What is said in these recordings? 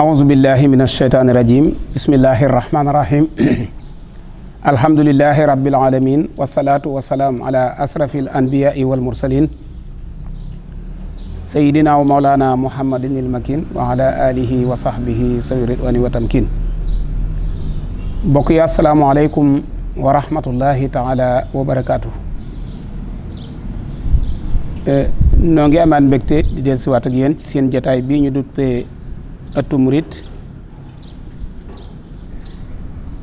أعوذ بالله من الشيطان الرجيم بسم الله الرحمن الرحيم الحمد لله رب العالمين والصلاة والسلام على أشرف الأنبياء والمرسلين سيدنا ومولانا محمد المكين وعلى آله وصحبه سوير الوان وتمكين بقي السلام عليكم ورحمة الله تعالى وبركاته نونغي امان بكتي دي ديل سوات ak yeen seen jotaay bi ñu duppé ëttu murit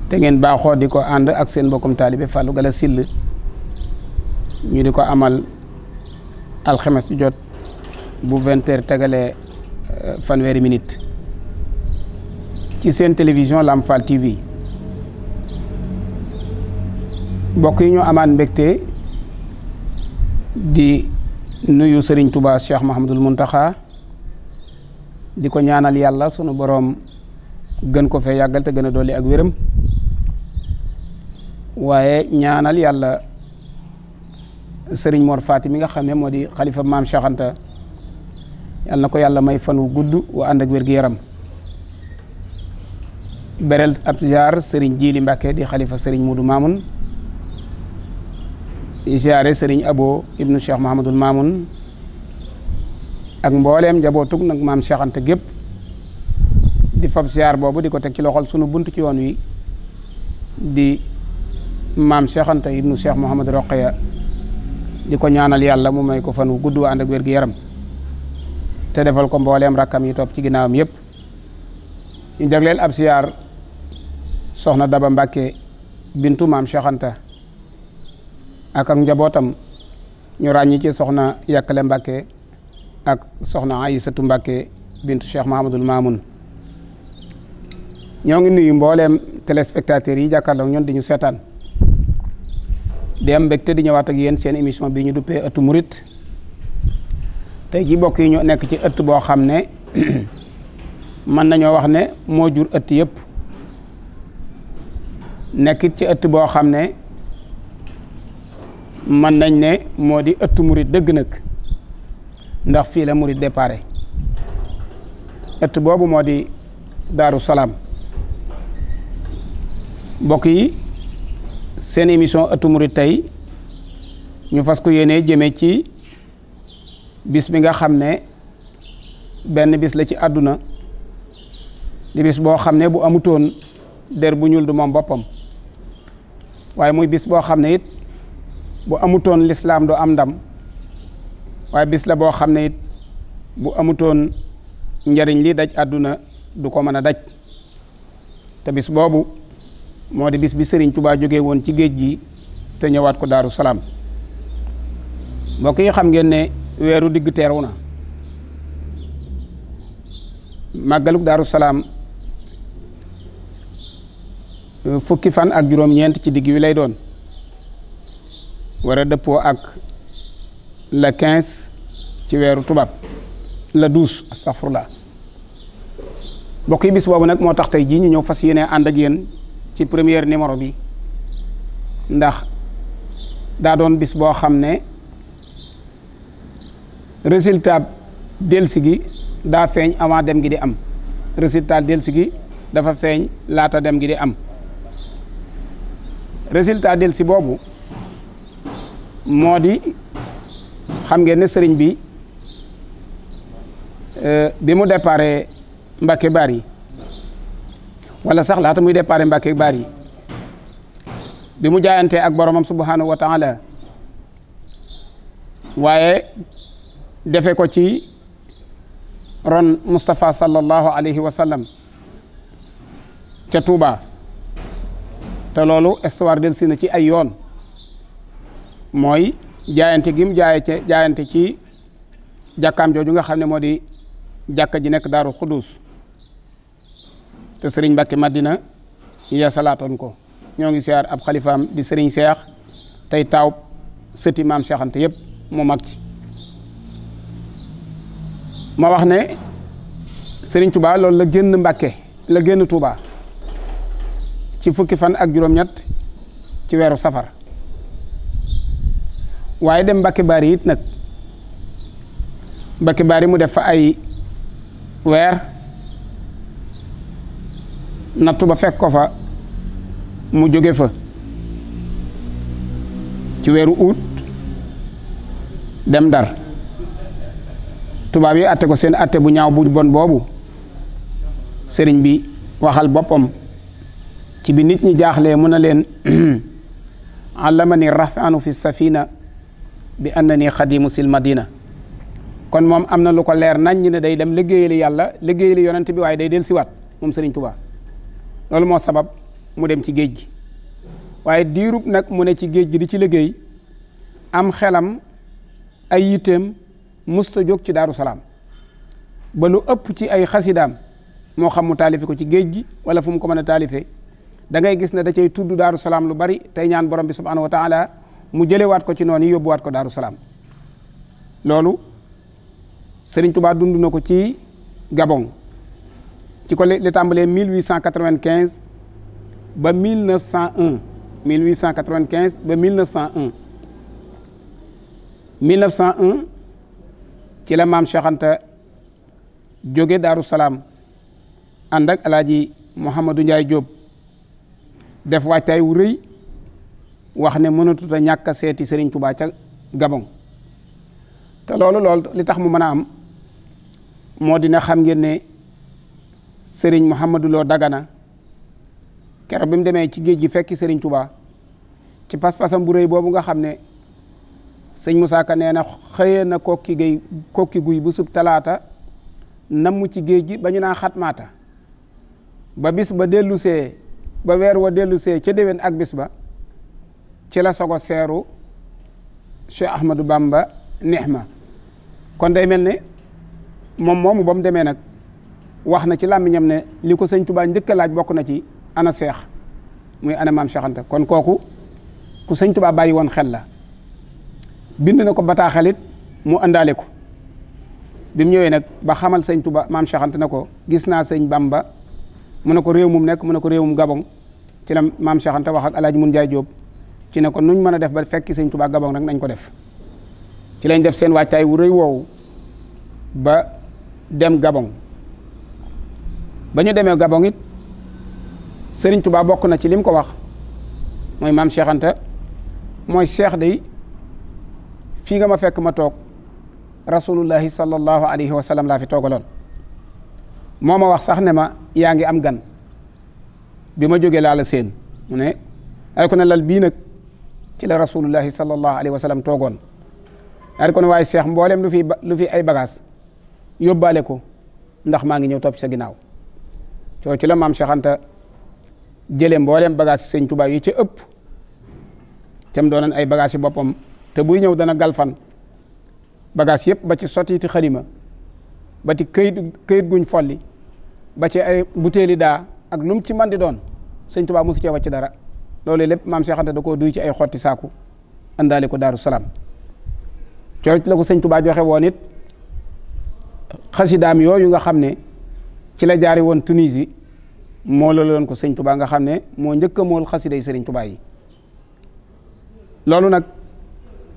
te ngeen baaxoo di ko ànd ak seen mbokkum taalibe Fallou Gala Syll ñu di ko amal alxames jot bu vingt heures tegalee euh, fanweeri minute ci seen télévision Lamp Fall TV mbokk yi ñu amaat mbégte di nuyu Serigne Touba Cheikh Mahamadul Muntaxa di ko ñaanal yàlla sunu boroom gën ko fee yàggal te gën a dolli ak wéram waaye ñaanal yàlla sëriñ Mor Faati mi nga xam ne moo di xalifa maam Cheikh Anta na ko yàlla may fan wu gudd wa ànd ak wér gu yaram berel ab ziar sëriñ Jiili Mbàkke di xalifa sëriñ Mudu Maamun ziare sëriñ Abo ibnu Cheikh Mahamadul Maamun ak mbooleem njabootug nag maam Cheikh Anta gépp di fab siyaar boobu di ko teg ci loxol sunu buntu ci yoon wi di maam Cheikh Anta ibnu Cheikh Mouhamad Roqaya di ko ñaanal yàlla mu may ko fan wu gudd ànd ak wér yaram te defal ko mbooleem rakkam yi toog ci ginnaawam yëpp ñu jagleel ab siyaar soxna Daba Mbàkke bintu maam Cheikh Anta njabootam ñu ràññi ci soxna Yàkkale Mbàkke ak soxna Aysatu Mbàkke bintu Cheikh Mahamadul Maamun ñoo ngi nuyu mbooleem téléspectateurs yi jàkkaarloo ñoo di ñu seetaan di am mbégte di ñëwaat ak yéen seen émission bi ñu duppee ëttu murit te ji bokk yi ñu nekk ci ëtt boo xam ne mën nañoo wax ne moo jur ëtt yëpp nekkit ci ëtt boo xam ne mën nañ ne moo di ëttu murit dëgg nag ndax fii la murit déparé ëtt boobu moo di daaru salaam mbokk yi seen émission ëttu murit tey ñu fas ko yéene jëmee ci bis bi nga xam ne benn bis la ci àdduna di bis boo xam ne bu amutoon der bu ñuul du moom boppam waaye muy bis boo xam ne it bu amutoon lislaam du am ndam waaye bis la boo xam ne it bu amutoon njariñ li daj àdduna du ko mën a daj te bis boobu moo di bis bi sëriñ Touba jóge woon ci géej gi te ñëwaat ko Daaru Salaam mbokk yi xam ngeen ne weeru digg teeru na màggaluk Daaru Salaam fukki fan ak juróom-ñeent ci digg wi lay doon war a dëppoo ak le quinze ci weeru tubaab le douze astafurlah mbokk yi bis boobu nag moo tax tey jii ñu ñëw fas yéene ànd ak yéen ci première numéro bi ndax daa doon bis boo xam ne résultat delsi gi daa feeñ avant dem gi di am résultat delsi gi dafa feeñ laata dem gi di am résultat delsi boobu moo di xam ngeen ne sëriñ bi euh, bi mu déparé Mbacke Bari wala sax laata muy déparé Mbacke Bari bi mu jaayantee ak boromam subhanahu wa taala waaye defe ko ci ron Moustapha sallallahu alayhi wa sallam ca Touba te loolu histoire del si ci ay yoon mooy jaayante gim jaayante jaayante ci jàkkaam jooju nga xam ne moo di jàkka ji nekk daaru xudus te sëriñ Mbàkke maddina ya salaatoon ko ñoo ngi siyaar ab xalifaam di sëriñ seex tey taaw sëti maam seexante yëpp mu mag ci ma wax ne sëriñ Touba loolu la génn Mbàkke la génn Touba ci fukki fan ak juróom-ñett ci weeru safar waaye dem Mbacke Bari it nag Mbacke Bari mu def fa ay weer nattu ba fekk ko fa mu jóge fa ci weeru août dem dar tubaab yi atte ko seen atte bu ñaaw bu bon boobu sëriñ bi waxal boppam ci bi nit ñi jaaxle mu ne leen ma allamani rafanu fi safina bi am na nii xadimu sil madina kon moom am na lu ko leer nañ ñi ne day dem liggéeyali yàlla liggéeyali yonent bi waaye day del siwaat moom Serigne Touba loolu moo sabab mu dem ci géej gi waaye diirub nag mu ne ci géej gi di ci liggéey am xelam ay yitteem musta jóg ci daaru salaam ba lu ëpp ci ay xasidaam moo xam mu taalife ko ci géej gi wala fu mu ko mën a taalife da ngay gis ne da cay tudd daaru salaam lu bari tey ñaan borom bi subhanahu wa mu jëlewaat ko ci noonu yóbbu waat ko daaru salaam loolu Serigne Touba dund na ko ci Gabon ci ko li tàmbalee 1895 ba mille cent 1901 1895 ba 1901 1901 ci la maam Cheikh jóge daaru salaam ànd ak alaaji Mouhamadou Ndiaye Diop def waajtaay wu wax ne mënatut a ñàkk seeti Serigne Touba ca Gabon te loolu lool li tax mu mën a am moo dina xam ngeen ne Serigne Mouhamadou Lo Dagana keroog bi mu demee ci géej gi fekki Serigne Touba ci pas-pasam bu rëy boobu nga xam ne sëñ Moussa Ka nee na xëyee na kokki gay kokki guy bu sub talaata namm ci géej gi ba ñu naa xatmaata ba bis ba dellusee ba weer wa dellusee ca déwén ak bis ba ci la soog a seeru Cheikh Ahmadou Bamba neex ma kon day mel ne moom moomu ba mu demee nag wax na ci làmmiñam ne li ko sëñ Touba njëkk a laaj bokk na ci ana seex muy ana maam Cheikh kon kooku ku sëñ Touba bàyyi woon xel la bind na ko bataaxalit mu àndaale ko bi mu ñëwee nag ba xamal sëñ Touba maam Cheikh na ko gis naa sëñ Bamba mu ne ko réew mum nekk mu ne ko réew mum Gabon ci la maam Cheikh wax ak El Hadj Mun Jaay Jóob ci ne ko nuñ mën a def ba fekki sëñ Tuubaa Gabon nag nañ ko def ci lañ def seen waajtaay wu rëy woowu ba dem Gabon ba ñu demee gabonit it sëriñ Tuubaa bokk na ci lim ko wax mooy maam Cheikh mooy seex day fii nga ma fekk ma toog rasulullahi sallallahu alayhi wa sallam laa fi toogaloon moo ma wax sax ne ma yaa ngi am gan bi ma jógee laala seen mu ne ay ko ne lal bii nag ci la rasulullahi sallallahu alayhi wa sallam toogoon daal kon waaye seex mboolem lu fi lu fi ay bagaas yóbbaale ko ndax maa ngi ñëw topp sa ginnaaw coo ci la maam Seex Anta mboolem bagaas sëñ Tuubaa yi ci ëpp tam doonan ay bagaas yi boppam te buy ñëw dana galfan bagaas yëpp ba ci sottiti xalima ba ci këyit këyit guñ folli ba ci ay butéeli daa ak lum ci man di doon sëñ Tuubaa mosu cee ci dara loolu lépp maam Cheikh Anta da koo duy ci ay xotti saaku àndaale ko Daaru Salaam cooc la ko sëñ Tuubaa joxe woon it xasidaam yooyu nga xam ne ci la jaari woon Tunisie moo la ko sëñ Tuubaa nga xam ne moo njëkk a mool xasida yi sëriñ Tuubaa yi loolu nag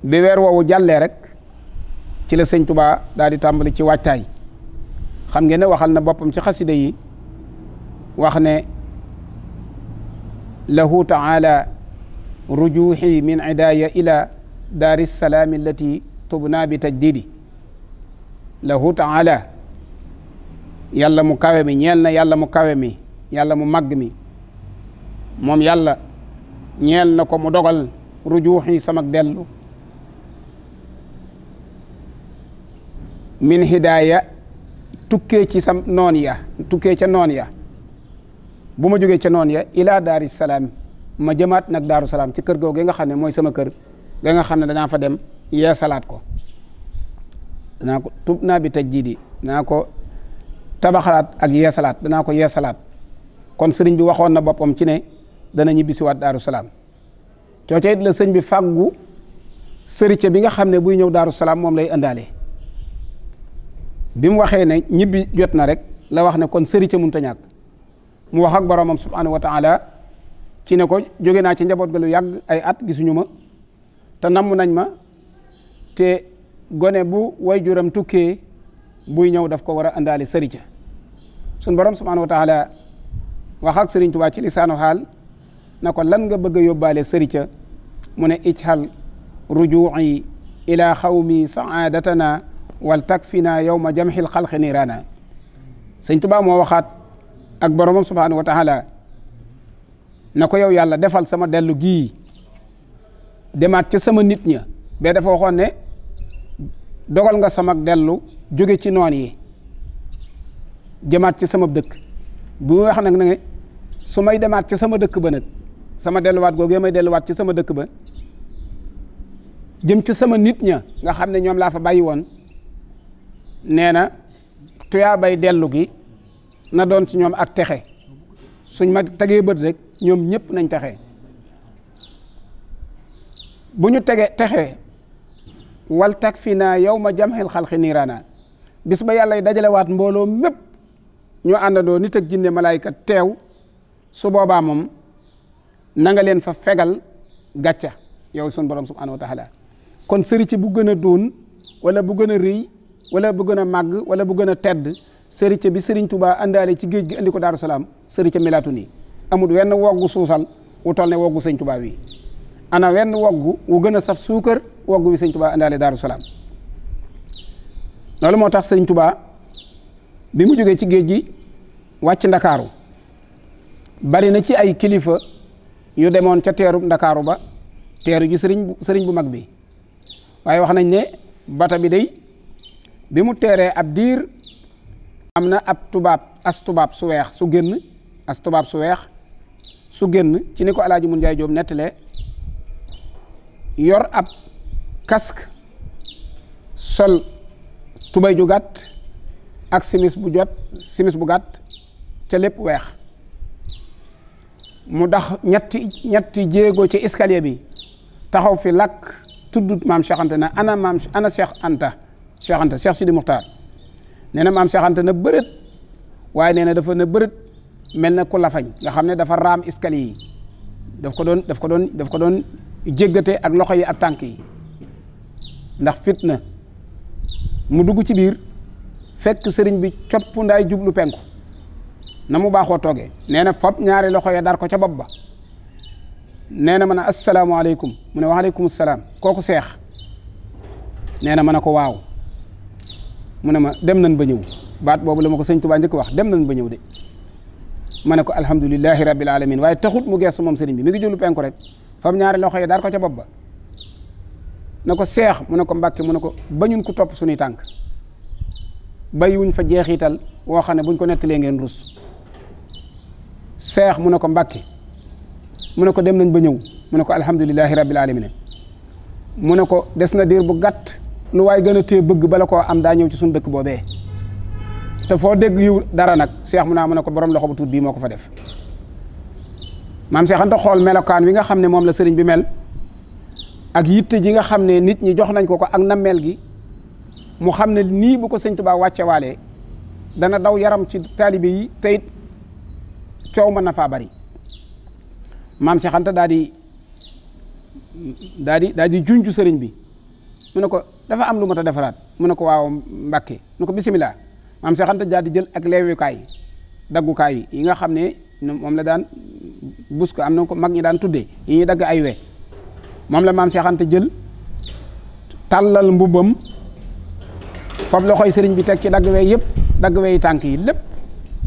bi weer woowu jàllee rek ci la sëñ Tuubaa daal di tàmbali ci waajtaay xam ngeen ne waxal na boppam ci xasida yi wax ne lahu taala rujuuxi min idaaya ila daari salaami allati yàlla mu kawe mi ñeel yàlla mu kawe mi yàlla mu màgg mi moom yàlla ñeel na ko mu dogal rujuuxi samak dellu min hidaaya tukkee ci sam noon ya tukkee ca noon ya bu ma jógee ca noon ya ilaa daari salaam ma jëmaat nag daaru salaam ci kër googu nga xam ne mooy sama kër ga nga xam ne danaa fa dem yee ko naa ko tub naa bi taj jiidi naa ko tabaxalaat ak yee danaa ko yee kon sëriñ bi waxoon na boppam ci ne dana ñibbisiwaat daaru salaam cooca it la sëñ bi fàggu sërice bi nga xam ne buy ñëw daaru salaam moom lay ëndaale bi mu waxee ne ñibbi jot na rek la wax ne kon sërice mënut a ñàkk mu wax ak boromam subhanahu wa taala ci ne ko joge naa ci njaboot ga lu yàgg ay at gisuñu ma te namm nañ ma te gone bu juram tukkee buy ñëw daf ko war a àndaale sëri ca sun borom subhanahu wa taala wax ak ci lisaanu xaal na ko lan nga bëgg a yóbbaale sëri mu ne ijhal rujuu'i ila xawmi saadatana wal takfina yawma jamxil xalqi niiraana sëñ Tuubaa moo waxaat ak boromam subhaanahu wa taala na ko yow yàlla defal sama dellu gii demaat ca sama nit ña ba dafa waxoon ne dogal nga sama dellu jóge ci noon yi jëmaat ci sama dëkk bu mu wax nag ne su may demaat ci sama dëkk ba nag sama delluwaat googu may delluwaat ci sama dëkk ba jëm ci sama nit ña nga xam ne ñoom laa fa bàyyi woon nee na tuyaa bay dellu gi na doon ci ñoom ak texe suñ ma tegee bët rek ñoom ñëpp nañ texe bu ñu tegee texe wal tag fii naa yow ma jamxil xalqi niiraana bis ba yàlla dajalewaat mbooloo mépp ñoo àndandoo nit ak jinne malaayka teew su boobaa moom nanga leen fa fegal gàcca yow sun borom subhanahu wa taala kon sëri ci bu gën a doon wala bu gën a rëy wala bu gën a màgg wala bu gën a tedd sëricë bi Serigne Touba àndaale ci géej gi andi ko Daaru Salaam sëricë melaatu nii amul wenn woggu suusal wu toll ne woggu sëñ Touba wi ana wenn woggu wu gën a saf suukar woggu wi sëñ Touba àndaale Daaru Salaam loolu moo tax sëñ Touba bi mu jógee ci géej gi wàcc ndakaaru bari na ci ay kilifa yu demoon ca teeru ndakaaru ba teeru ji sëriñ bu sëriñ bu mag bi waaye wax nañ ne bata bi day bi mu teeree ab diir am na ab tubaab as tubaab su weex su génn as tubaab su weex su génn ci ni ko alaaji mun njaay jóob nettalee yor ab kask sol tubay ju gàtt ak simis bu jot simis bu gàtt ca lépp weex mu dax ñetti ñetti jéego ci escalier bi taxaw fi lakk tudd maam Cheikh Anta na ana maam Anta Cheikh Anta Cheikh Sidi Muxtaar neena na maam Cheikh Anta na bërët waaye nee na dafa na bërët mel na ku lafañ nga xam ne dafa raam escalier yi daf ko doon daf ko doon daf ko doon jéggate ak loxo yi ak tànk yi ndax fitna mu dugg ci biir fekk sëriñ bi copp ndaay jublu penku na mu baaxoo tooge nee na fop ñaari loxo yi dar ko ca bopp ba nee na ma ne asalaamaaleykum mu ne waaleykum salaam kooku seex nee na ma ne ko waaw mu ne ma dem nañ ba ñëw baat boobu la ma ko sëñ Tuubaa njëkk wax dem nañ ba ñëw de ma ne ko alhamdulilahi rabbil alamin waaye taxut mu geestu moom sëriñ bi mi ngi jullu penku rek fam ñaari loxo yi daal ko ca bopp ko seex mu ne ko mbàkke mu ne ko bañun ko topp suñuy tànk bayiwuñ fa jeexital woo xam ne buñ ko nettalee ngeen rus seex mu ne ko mbàkke mu ne ko dem nañ ba ñëw mu ne ko alhamdulilahi rabbil alamin mu ne ko des na diir bu gàtt lu waay gën a téye bëgg bala koo am daa ñëw ci suñu dëkk boobee te foo dégg yiw dara nag seex mu naa mu ne ko boroom loxo bu tuut bii moo ko fa def maam Seex xool melokaan wi nga xam ne moom la sëriñ bi mel ak yitte ji nga xam ne nit ñi jox nañ ko ko ak nammeel gi mu xam ne nii bu ko sëñ Tuubaa wàcce waalee dana daw yaram ci taalibe yi teyit coow ma na faa bari maam Seex daa di daa di daa di junj sëriñ bi mu ne ko dafa am lu mat a defaraat mu ne ko waaw Mbàkke mu ne ko bisimilah maam Seex Anta di jël ak leewukaay daggukaay yi nga xam ne moom la daan bus ko am na ko mag ñi daan tuddee yi ñuy dagg ay we moom la maam Seex Anta jël tàllal mbubbam fab loxoy sëriñ bi teg ci dagg we yëpp dagg we yi tànk yi lépp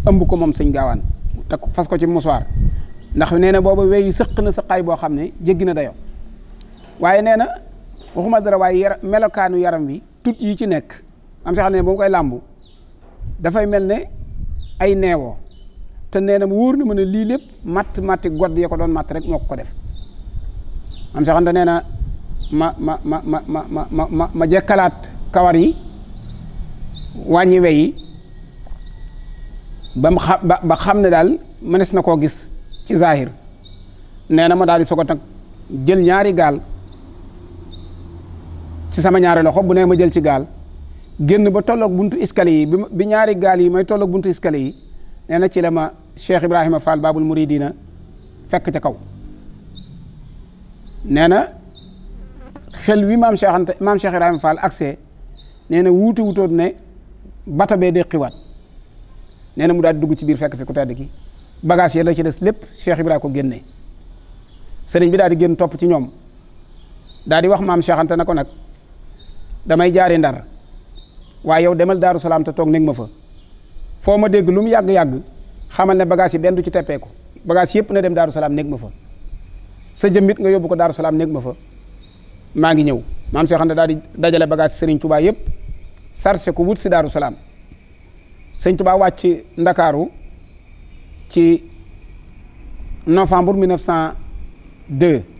ëmb ko moom sëñ gaawaan teg fas ko ci musuwaar ndax nee na booba we yi sëq na sëqaay boo xam ne jéggi na dayo waaye nee waxuma dara waaye yar melokaanu yaram wi tut yi ci nekk am sax ne boo koy làmbu dafay mel ne ay neewoo te nee na mu wóor na ma ne lii lépp matt matti godd ya ko doon matt rek moo ko def am sax na ma ma ma ma ma ma ma ma ma jekkalaat kawar yi wàññi we yi ba xam ne daal mënees na koo gis ci zahir nee na ma daal di soog a tag jël ñaari gaal. ci sama ñaari loxo bu nee ma jël ci gaal génn ba tolloog buntu escalier yi bi ñaari gaal yi may tolloog buntu escalier yi nee na ci la ma Cheikh Ibrahima Fall Babul Muridina fekk ca kaw nee na xel wi maam Cheikh Anta maam Cheikh Ibrahima Fall accès nee na wuute wutoon ne bata bee deqiwaat nee na mu daal dugg ci biir fekk fi ku tedd ki bagage yi ci des lépp Cheikh Ibrahima ko génne sëriñ bi daal di génn topp ci ñoom daal di wax maam Cheikh Anta na ko nag. damay jaari ndar waaye yow demal daaru salaam te toog nekk ma fa foo ma dégg lu yàgg-yàgg xamal ne bagage yi benn du ci teppeeku bagage yëpp na dem daaru salaam nekk ma fa sa jëmbit nga yóbbu ko daaru salaam nekk ma fa maa ngi ñëw maam xam ne daal di dajale bagage Serigne Touba yëpp sarse ko wut si daaru salaam sëñ Touba wàcc ndakaaru ci novembre 1902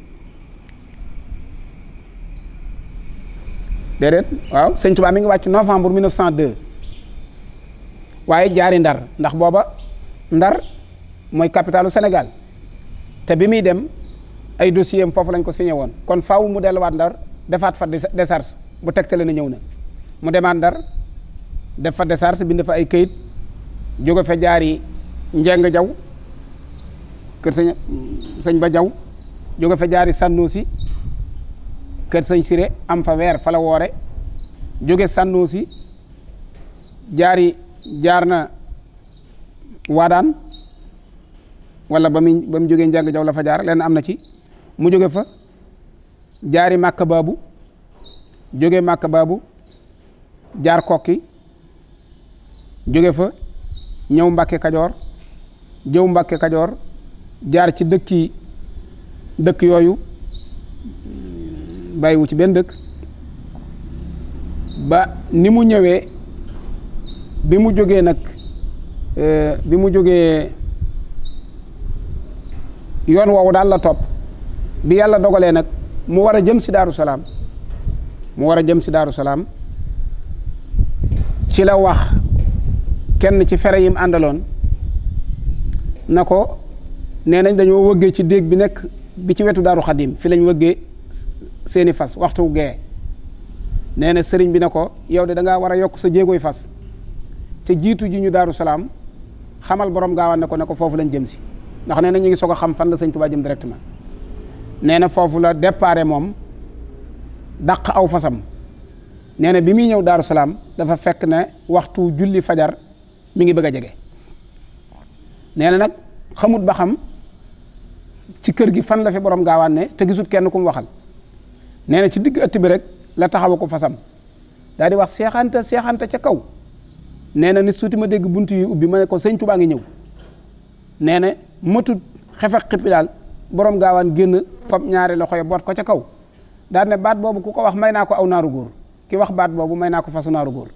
déedéet waaw sëñ Tuubaa mi ngi wàcc novembre 1902 waaye jaari ndar ndax booba ndar mooy capitalu senegal te bi muy dem ay dossier foofu lañ ko signé woon kon faw mu delluwaat ndar defaat fa décharge bu tegtale na ñëw na mu demaat ndar def fa bi bind fa ay këyit jóge fa jaari njeng jaw kër sëñ sëñ ba jaw jóge fa jaari sànnoo si kër sëñ am fa weer fa la woore jóge Sannoosi jaari jaar na waadaan wala ba mu ba mu jógee njàng jaw la fa jaar lenn am na ci mu jóge fa jaari màkk baabu jóge màkk baabu jaar kokki jóge fa ñëw mbàkke kajoor jëw mbàkke kajoor jaar ci dëkki dëkk yooyu bàyyiwu ci benn dëkk ba ni mu ñëwee bi mu jógee nag euh, bi mu jógee yoon woowu daal la topp bi yàlla dogalee nag mu war a jëm si daaru salaam mu war a jëm si daaru salaam ci la wax kenn ci fere yim àndaloon na ko nee nañ dañoo wëggee ci déeg bi nekk bi ci wetu daaru xadim fi lañ wëggee seeni fas waxtu gee nee na sëriñ bi ne ko yow de da war a yokk sa jéegoy fas te jiitu ji ñu daaru salaam xamal borom gaawaan ne ko ne ko foofu lañ jëm si ndax nee na ñu ngi soog a xam fan la sëñ Tuubaa jëm directement nee na foofu la départ moom daq aw fasam nee na bi muy ñëw daaru salaam dafa fekk ne waxtu julli fajar mi ngi bëgg a jege nee na nag xamut ba xam ci kër gi fan la fi borom gaawaan ne te gisut kenn ku waxal nee na ci digg ëtt bi rek la taxaw ko fasam daal di wax seexanta seexanta ca kaw nee na ni suuti ma dégg bunt yu ubbi ma ne ko sëñ Tuubaa ngi ñëw nee na matut xefex xippi daal borom gaawaan génn fab ñaari loxo yi boot ko ca kaw daal ne baat boobu ku ko wax may naa ko aw naaru góor ki wax baat boobu may naa ko fasu naaru góor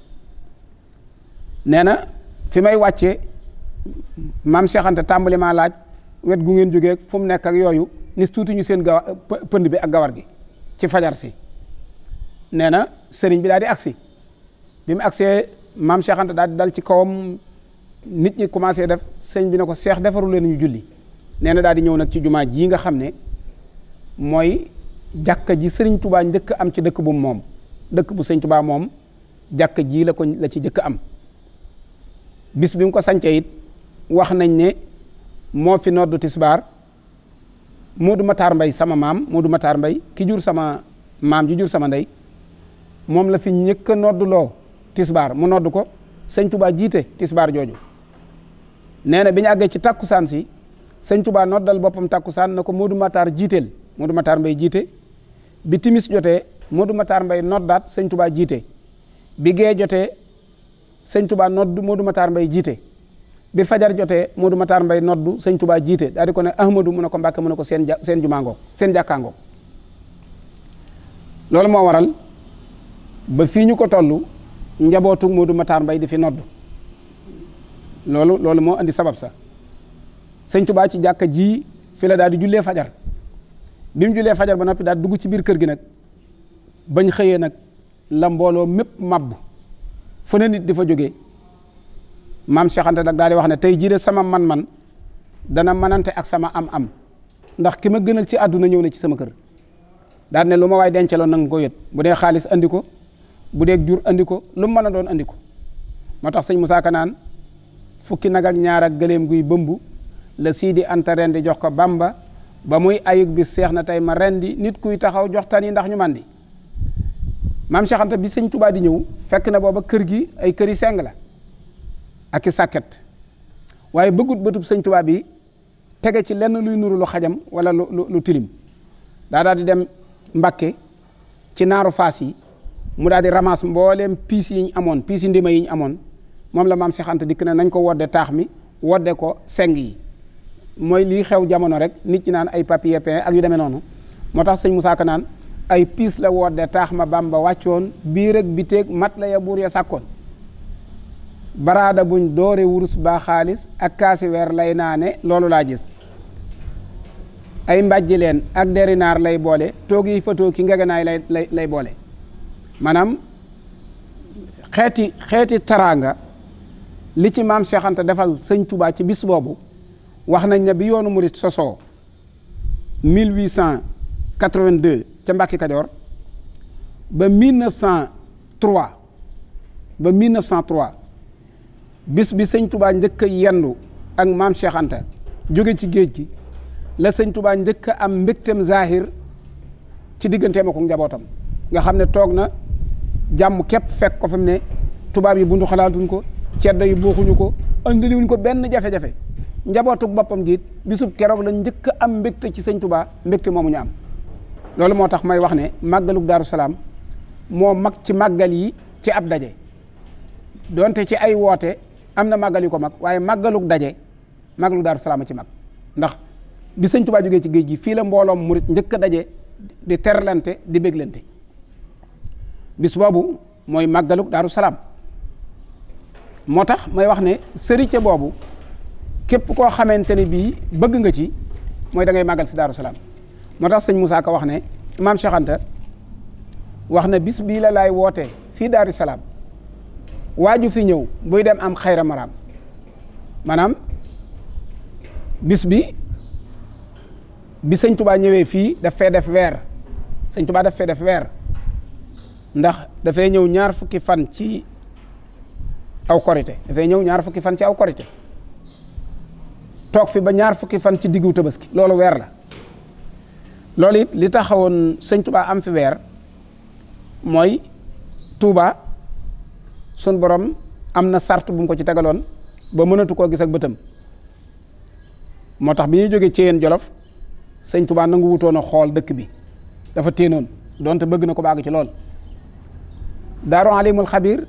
nee na fi may wàccee maam seexanta tàmbali maa laaj wet gu ngeen jógee fu mu nekk ak yooyu ni suuti ñu seen gawa pënd bi ak gawar gi ci fajar si nee na sëriñ bi daal di agsi bi mu agsee maam Cheikh Anta daal di dal ci kawam nit ñi commencé def sëñ bi ne ko seex defaru leen ñu julli nee na daal di ñëw nag ci jumaa jii nga xam ne mooy jàkka ji sëriñ tubaa njëkk am ci dëkk bu moom dëkk bu sëñ tubaa moom jàkka ji la ko la ci njëkk am bis bi mu ko sancee it wax nañ ne moo fi noddu tisbaar Modou Matar Mbay sama maam Modou Matar Mbay ki jur sama maam ju jur sama ndey moom la fi ñëkk noddu loo tisbaar mu noddu ko sëñ Touba jiite tisbaar jooju nee na bi ñu àggee ci saan si sëñ Touba noddal boppam takku takkusaan na ko ma taar jiiteel Modou Matar Mbay jiite bi timis jotee Modou Matar Mbay noddaat sëñ Touba jiite bi gee jotee sëñ Touba du Modou Matar Mbay jiite bi fajar jotee Modou Matar Mbay noddu sëñ Touba jiite daal ko ne Ahmadou mu ne ko Mbàkke mu ne ko seen ja seen jumaangoog seen jàkkaangoog loolu moo waral ba fii ñu ko toll njabootu Modou Matar Mbay di fi noddu loolu loolu moo andi sabab sax sëñ Touba ci jàkka ji fi la daal di jullee fajar bi mu jullee fajar ba noppi daadi dugg ci biir kër gi nag bañ xëyee nag la mbooloo mépp màbb fu nit di fa jóge maam Cheikh Anta nag daal di wax na tey jii sama man-man dana manante ak sama am-am ndax ki ma gënal ci àdduna ñëw na ci sama kër daal lu ma waay dencaloon na ko yët bu dee xaalis andi ko bu dee jur andi ko lu mu mën a doon andi ko moo tax sëñ Moussa Ka naan fukki nag ak ñaar ak gëleem guy bëmb la Sidi Anta ren jox ko Bamba ba muy ayug bi seex na tey ma ren di nit kuy taxaw jox tan yi ndax ñu man di maam Cheikh bi sëñ Touba di ñëw fekk na booba kër gi ay këri seng la. ak i sàkket waaye bëggut bëtub sëñ tubaab yi tege ci lenn luy nuru lu xajam wala lu lu tilim daa daal di dem Mbàkke ci naaru faas yi mu daal di ramasse mbooleem piis yi ñu amoon piis yi ndima yi ñu amoon moom la maam Seex Anta dikk ne nañ ko wodde taax mi wodde ko seng yi mooy lii xew jamono rek nit ñi naan ay papier peint ak yu demee noonu moo tax sëñ mu Ka naan ay piis la wodde taax ma Bàmba wàccoon biir ak biteeg mat la ya buur ya sàkkoon baraada buñ doore wurus baa xaalis ak kaasi weer lay naane loolu laa gis ay mbàjji leen ak derinaar lay boole toog yi fatoo ki ngeganaay lay lay lay boole maanaam xeeti xeeti taraanga li ci maam Cheikh defal sëñ Touba ci bis boobu wax nañ ne bi yoonu murit sosoo 1882 ca Mbàkke Kajoor ba 1903 ba 1903 bis bi sëñ tubaa njëkk a yendu ak maam Cheikh jóge ci géej gi la sëñ tubaa njëkk a am mbégteem zahir ci digganteem ak njabootam nga xam ne toog na jàmm képp fekk ko fi mu ne tubaab yi bundu xalaatuñ ko ceddo yi buuxuñu ko andiliwuñ ko benn jafe-jafe njabootuk boppam giit bisub keroog la njëkk am mbégte ci sëñ tubaa mbégte moomu ñu am loolu moo tax may wax ne màggaluk daaru salaam moo mag ci màggal yi ci ab daje donte ci ay woote am na màggal yu ko mag waaye màggaluk daje màggalu Daaru Salaam ci mag ndax bi sëñ Tuubaa jógee ci géej gi fii la mbooloom murit njëkk a daje di terlante di béglante bis boobu mooy màggaluk Daaru Salaam moo tax mooy wax ne sërite boobu képp koo xamante ni bii bëgg nga ci mooy dangay ngay màggal si Daaru Salaam moo tax sëñ Moussa ko wax ne maam Cheikh wax na bis bii la laay woote fii Daaru Salaam waaju fi ñëw buy dem am xayra maraam maanaam bis bi bi sëñ ñëwee fii daf fee def weer sëñ tubaa daf fee def weer ndax dafay ñëw ñaar fukki fan ci aw korite dafay ñëw ñaar fukki fan ci aw korite toog fi ba ñaar fukki fan ci diggu tabaski loolu weer la loolu li taxawoon sëñ tubaa am fi weer mooy tuubaa sun borom am na sart bu mu ko ci tegaloon ba mënatu koo gis ak bëtam moo tax bi ñuy jógee Thièyène Jolof sëñ Tuubaa nangu wutoon a xool dëkk bi dafa téenoon donte bëgg na ko bàgg ci lool daaru alimul xabiir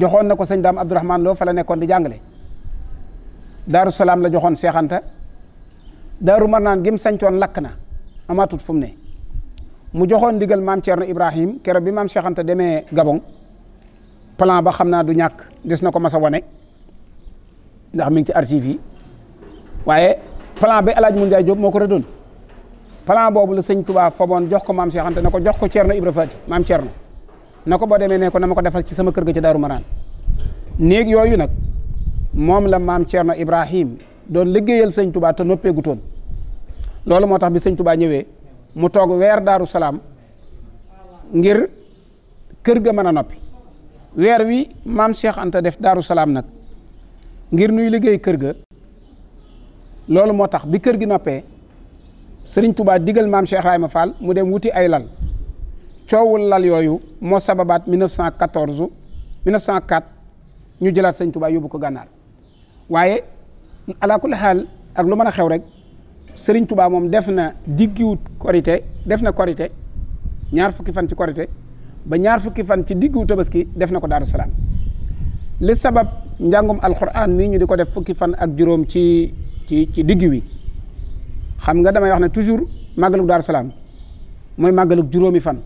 joxoon na ko sëñ daam Abdourahman loo fa la nekkoon di jàngale daaru salaam la joxoon seexanta daaru marnaan gim sañcoon lakk na amaatut fu ne mu joxoon ndigal maam Thierno Ibrahim keroog bi maam seexanta demee Gabon plan ba xam naa du ñàkk des na ko mas a wane ndax mi ngi ci archive yi waaye plan bi El Hadj Moundiaye Diop moo ko rëddoon plan boobu la sëñ Touba faboon jox ko maam Cheikh Anta ne ko jox ko Thierno Ibra Fati maam Thierno na ko boo demee ne na ma ko defal ci sama kër ga ci Daaru Maraan néeg yooyu nag moom la maam Thierno Ibrahim doon liggéeyal sëñ Touba te noppeegu toon loolu moo tax bi sëñ Touba ñëwee mu toog weer Daaru Salaam ngir kër ga mën a noppi. weer wi maam Cheikh Anta def Daaru Salaam nag ngir nuy liggéey kër ga loolu moo tax bi kër gi noppee Sëriñ Tuubaa digal maam Cheikh ma Fall mu dem wuti ay lal coowul lal yooyu moo sababaat 1914 1904 ñu jëlaat Sëriñ tubaa yóbbu ko gànnaar waaye ala kulli xaal ak lu mën a xew rek Sëriñ tubaa moom def na diggiwut korité def na korité ñaar fukki fan ci korité ba ñaar fukki fan ci diggu tabaski def na ko daaru salaam li sabab njàngum alquran nii ñu di ko def fukki fan ak juróom ci ci ci digg wi xam nga damay wax ne toujours màggalug daaru salaam mooy màggalug juróomi fan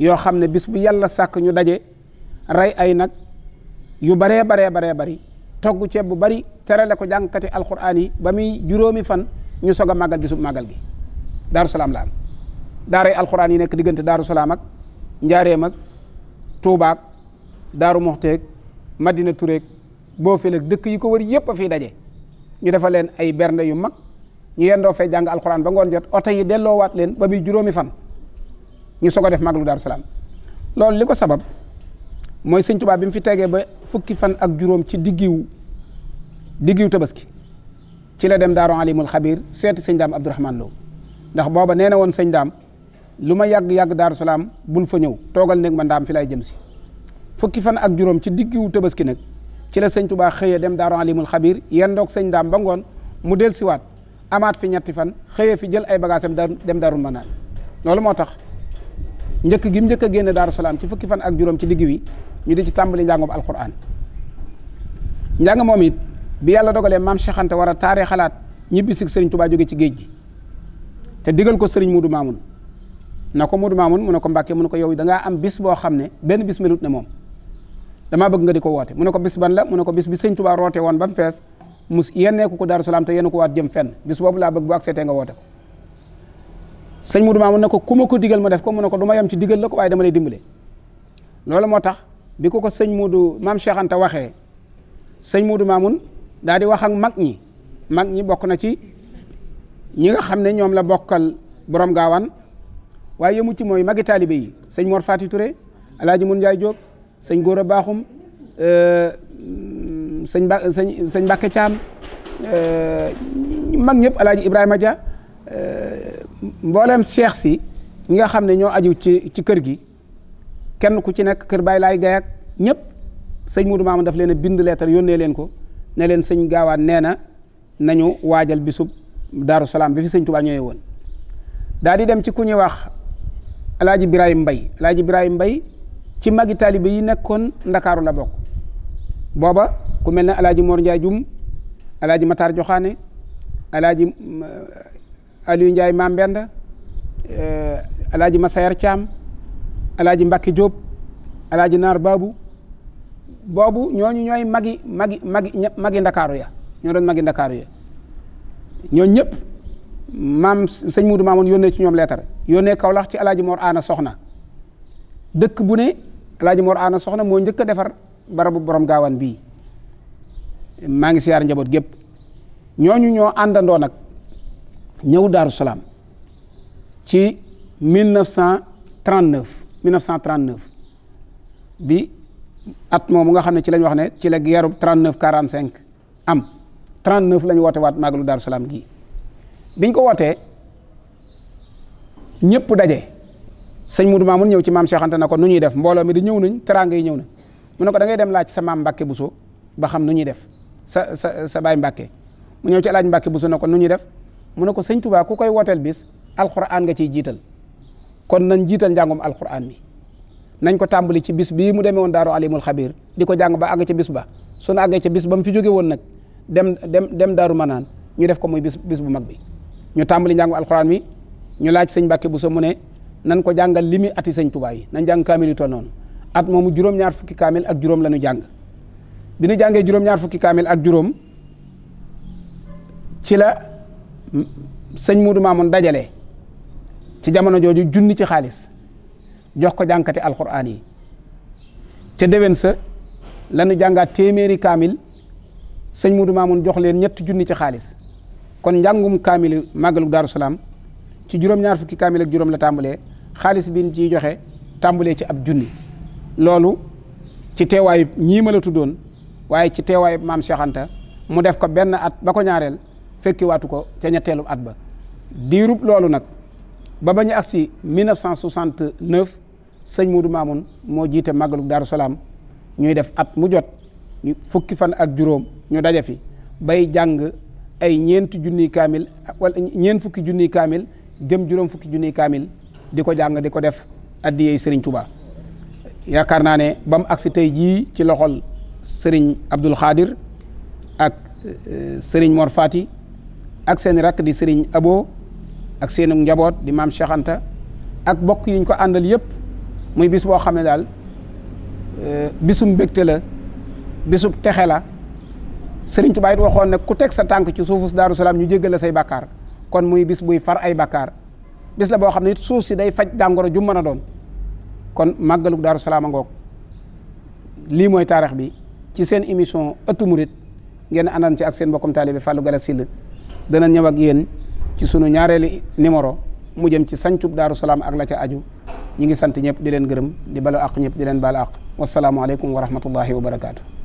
yoo xam ne bis bu yàlla sàkk ñu daje rey ay nag yu baree baree baree bari togg ceeb bu bari terale ko jàngkati alquran yi ba muy juróomi fan ñu sog a màggal bisub màggal gi daaru salaam la am daaray alquran yi nekk diggante daaru salaam ak njaareem ak tuubaak daaru moxteeg madina tureeg boo feleg dëkk yi ko wër yëpp fii daje ñu defal leen ay bernde yu mag ñu yendoo fee jàng alxuraan ba ngoon jot oto yi delloowaat leen ba muy juróomi fan ñu soog a def màggalu daaru salaam loolu li ko sabab mooy sëñ Tuubaa bi mu fi tegee ba fukki fan ak juróom ci diggiw diggiw tabaski ci la dem daaru alimul xabir seeti sëñ daam Abdourahman Lo ndax booba nee na woon sëñ daam lu ma yàgg-yàgg daaru salaam bul fa ñëw toogal néeg ma ndaam fi lay jëm si fukki fan ak juróom ci diggu tabaski nag ci la sëñ Tuubaa xëyee dem daaru alimul xabir yendoog sëñ ndaam ba ngoon mu del siwaat amaat fi ñetti fan xëyee fi jël ay bagaasam dem daarul manaan loolu moo tax njëkk gi mu njëkk a génne daaru salaam ci fukki fan ak juróom ci digg ñu di ci tàmbali njàngoom alquran njàng moom it bi yàlla dogalee maam Cheikh Anta war a taare xalaat ñibbi si jóge ci géej gi te digal ko sëriñ Muudu Maamun na ko Modou Mamoun mu ne ko Mbàkke mu ne ko yow da ngaa am bis boo xam ne benn bis melut ne moom damaa bëgg nga di ko woote mu ne ko bis ban la mu ne ko bis bi sëñ Tuubaa roote woon ba mu fees mu ko Daaru Salaam te yenn ko waat jëm fenn bis boobu laa bëgg bu accepté nga woote ko sëñ ne ko ku ma ko digal ma def ko mu ne ko du ma yem ci digal la ko waaye dama lay moo tax bi ko ko sëñ Modou maam Cheikh Anta waxee sëñ Modou Mamoun daal di wax ak mag ñi mag ñi bokk na ci ñi nga xam ne ñoom la bokkal borom gaawaan waaye yëmu ci mooy magi taalibe yi sëñ Mor Fati Touré alaaji mun Njaay Jóob sëñ Góora Baaxum euh, sëñ ba sëñ sëñ Mbàkke Caam euh, mag ñëpp alaaji Ibrahima Dia euh, mbooleem seex si ñi nga xam ne ñoo aju ci ci kër gi kenn ku ci nekk kër Baay Laay Gay ak ñëpp sëñ Mudu Maama daf leen bind leetar yónnee leen ko ne leen sëñ gaawaat nee na nañu waajal bisub Daaru Salaam bi fi sëñ Tuubaa ñëwee woon daa di dem ci ku ñuy wax alaaji Birahim Mbay alaaji Birahim Mbay ci magi taalibe yi nekkoon ndakaaru la bokk booba ku mel ne alaaji Mor Ndiaye Jum alaaji Matar Joxaane alaaji eh, Aliou Ndiaye Mambenda eh, alaaji Masayar Thiam alaaji Mbacke Diop alaaji Naar Babu boobu ñooñu ñooy magi magi magi magi ndakaaru ya ñoo doon magi ndakaaru ya ñoo ñëpp maam sëñ Muudu Maamoon yónnee ci ñoom leetar yónnee Kawlax ci alaaji Mor Aana Soxna dëkk bu ne alaaji Mor Aana Soxna moo njëkk defar barabu borom gaawaan bii maa ngi siyaar njaboot gépp ñooñu ñoo àndandoo nag ñëw Daaru Salaam ci 1939 1939 bi at mu nga xam ne ci lañ wax ne ci la guerre 39 45 am 39 la ñu woote waat màggalu Daaru Salaam gii biñ ko wootee ñëpp daje sëñ Mourou Mamoun ñëw ci maam Cheikh Anta na ko nu ñuy def mbooloo mi di ñëw nañ teraanga yi ñëw na mu ne ko da ngay dem laaj sa maam bu so ba xam nu ñuy def sa sa sa baay Mbacke mu ñëw ci laaj Mbacke Bousso na ko nu ñuy def mu ne ko sëñ Touba ku koy wooteel bis alxuraan nga ciy jiital kon nañ jiital njàngum alxuraan mi nañ ko tàmbali ci bis bi mu demee woon Daaru Alimul Xabir di ko jàng ba àgg ca bis ba su ñu àggee ca bis ba mu fi jóge woon nag dem dem dem Daaru naan ñu def ko muy bis bis bu mag bi. ñu tàmbali njàngu alxuraan mi ñu laaj sëñ bu sa mu ne nan ko jàngal limi ati sëñ Tuubaa yi nañ jàng kaamil yu toll noonu at moomu juróom-ñaar fukki kaamil ak juróom la jàng bi fukki kaamil ak juróom ci la sëñ Muudu Maamun dajale ci jamono jooju junni ci xaalis jox ko jànkati alxuraan yi ca déwén sa la ñu jàngaat téeméeri kaamil sëñ Muudu Maamun jox leen ñett junni ci xaalis kon njàngum kaamil màggalu daaru salaam ci juróom-ñaar fukki kaamil ak juróom la tàmbalee xaalis bi ñu ciy joxe tàmbalee ci ab junni loolu ci teewaayu ñii ma tuddoon waaye ci teewaayu maam Cheikh mu def ko benn at ba ko ñaareel fekki waatu ko ca ñetteelu at ba diirub loolu nag ba ba ñu agsi 1969 sëñ Moudou Mamoun moo jiite màggalu daaru salaam ñuy def at mu jot fukki fan ak juróom ñu daje fi bay jàng. ay ñeenti junniy kaamil wala ñeent fukki junni kaamil jëm juróom fukki junniy kaamil di ko jàng di ko def addiyey sëriñ Touba yaakaar naa ne bam mu agsi tey jii ci loxol sëriñ Abdul Khadir ak euh, Serigne Mor ak seen rakk di Serigne Abo ak seenu njaboot di maam Cheikh ak bokk yiñ ko àndal yëpp muy bis boo xam ne daal euh, bisum mbégte bisub texe la. Sëriñ Tuubaa it waxoon ne ku teg sa tànk ci suufu Daaru Salaam ñu jéggal la say bàkkaar kon muy bis buy far ay bàkkaar bis la boo xam ne it suuf si day faj jàngoro ju mën a doon kon màggalug Daaru Salaam a lii mooy taarix bi ci seen émission ëttu ngeen àndan ci ak seen mbokkum taalibe Fallou Galass Syll dana ñëw ak yéen ci sunu ñaareeli numéro mu jëm ci sancub Daaru Salaam ak la ca aju ñi ngi sant ñëpp di leen gërëm di balu àq ñëpp di leen baal àq wasalaamualeykum wa rahmatullahi wa barakaatu.